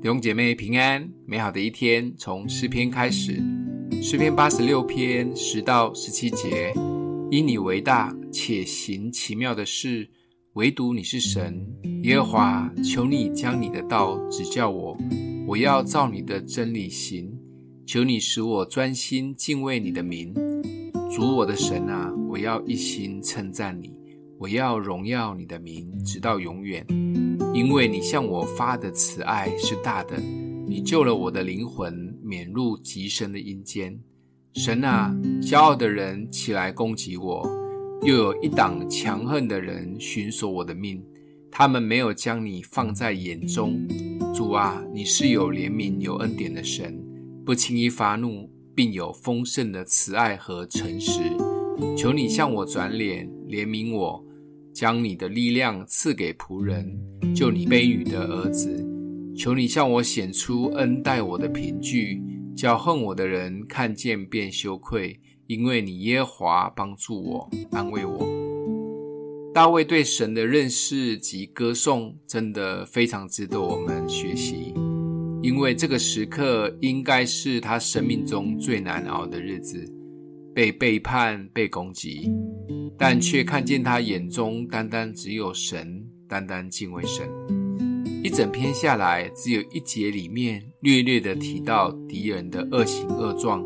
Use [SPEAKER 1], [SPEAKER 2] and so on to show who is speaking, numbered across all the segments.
[SPEAKER 1] 弟兄姐妹平安，美好的一天從詩篇開始。詩篇八十六篇十到十七節：因你為大，且行奇妙的事，唯獨你是神。耶和華，求你將你的道指教我，我要照你的真理行。求你使我專心敬畏你的名。主我的神啊，我要一心稱讚你，我要榮耀你的名，直到永遠。因為你向我發的慈愛是大的，你救了我的靈魂，免入極深的陰間。神啊，驕傲的人起來攻擊我，又有一黨強橫的人尋索我的命，他們沒有將你放在眼中。主啊，你是有憐憫有恩典的神，不輕易發怒，並有豐盛的慈愛和誠實。求你向我轉臉，憐恤我。將你的力量賜給僕人，救你婢女的兒子。求你向我顯出恩待我的憑據，叫恨我的人看見便羞愧，因為你耶和華幫助我，安慰我。大衛對神的認識及歌頌，真的非常值得我們學習，因為這個時刻應該是他生命中最難熬的日子，被背叛，被攻擊。但卻看見他眼中單單只有神，單單敬畏神。一整篇下來，只有一節裡面略略的提到敵人的惡行惡狀。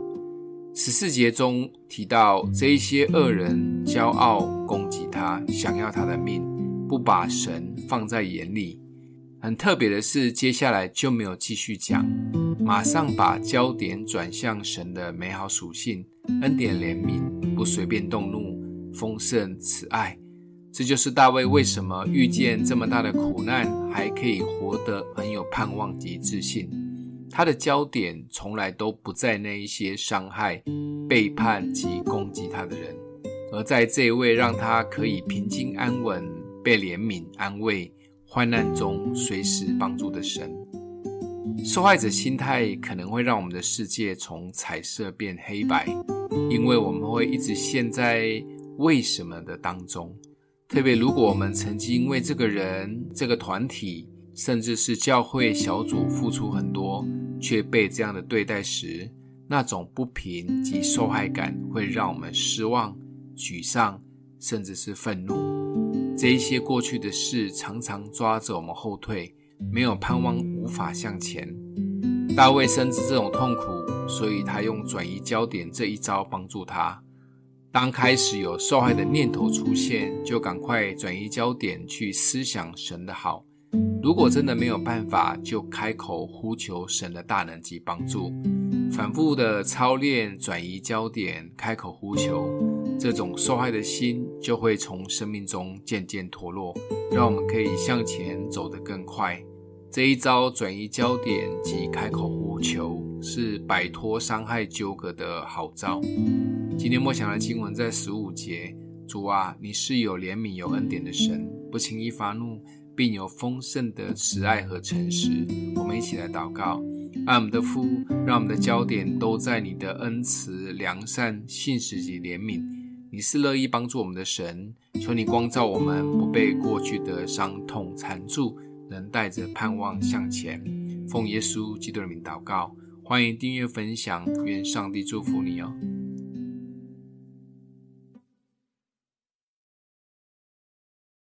[SPEAKER 1] 十四節中提到這一些惡人驕傲攻擊他，想要他的命，不把神放在眼裡。很特別的是，接下來就沒有繼續講，馬上把焦點轉向神的美好屬性、恩典、憐憫，不隨便動怒。豐盛慈愛，這就是大衛為什麼遇見這麼大的苦難，還可以活得很有盼望及自信。他的焦點從來都不在那一些傷害、背叛及攻擊他的人，而在這一位讓他可以平靜安穩、被憐憫安慰、患難中隨時幫助的神。受害者心態可能會讓我們的世界從彩色變黑白，因為我們會一直陷在為什麼的當中，特別如果我們曾經為這個人、這個團體，甚至是教會小組付出很多，卻被這樣的對待時，那種不平及受害感會讓我們失望、沮喪，甚至是憤怒。這一些過去的事常常抓着我們後退，沒有盼望，無法向前。大衛深知這種痛苦，所以他用轉移焦點這一招幫助他。當開始有受害的念頭出現，就趕快轉移焦點去思想神的好。如果真的沒有辦法，就開口呼求神的大能及幫助。反覆的操練轉移焦點、開口呼求，這種受害的心就會從生命中漸漸脫落，讓我們可以向前走得更快。這一招轉移焦點及開口呼、呼求。是擺脫傷害糾葛的好招。今天默想的經文在十五節：主啊，你是有憐憫有恩典的神，不輕易發怒，並有豐盛的慈愛和誠實。我們一起來禱告，愛我們的父，讓我們的焦點都在你的恩慈、良善、信實及憐憫。你是樂意幫助我們的神，求你光照我們，不被過去的傷痛纏住，能帶着盼望向前。奉耶穌基督的名禱告。歡迎訂閱分享，願上帝祝福你哦。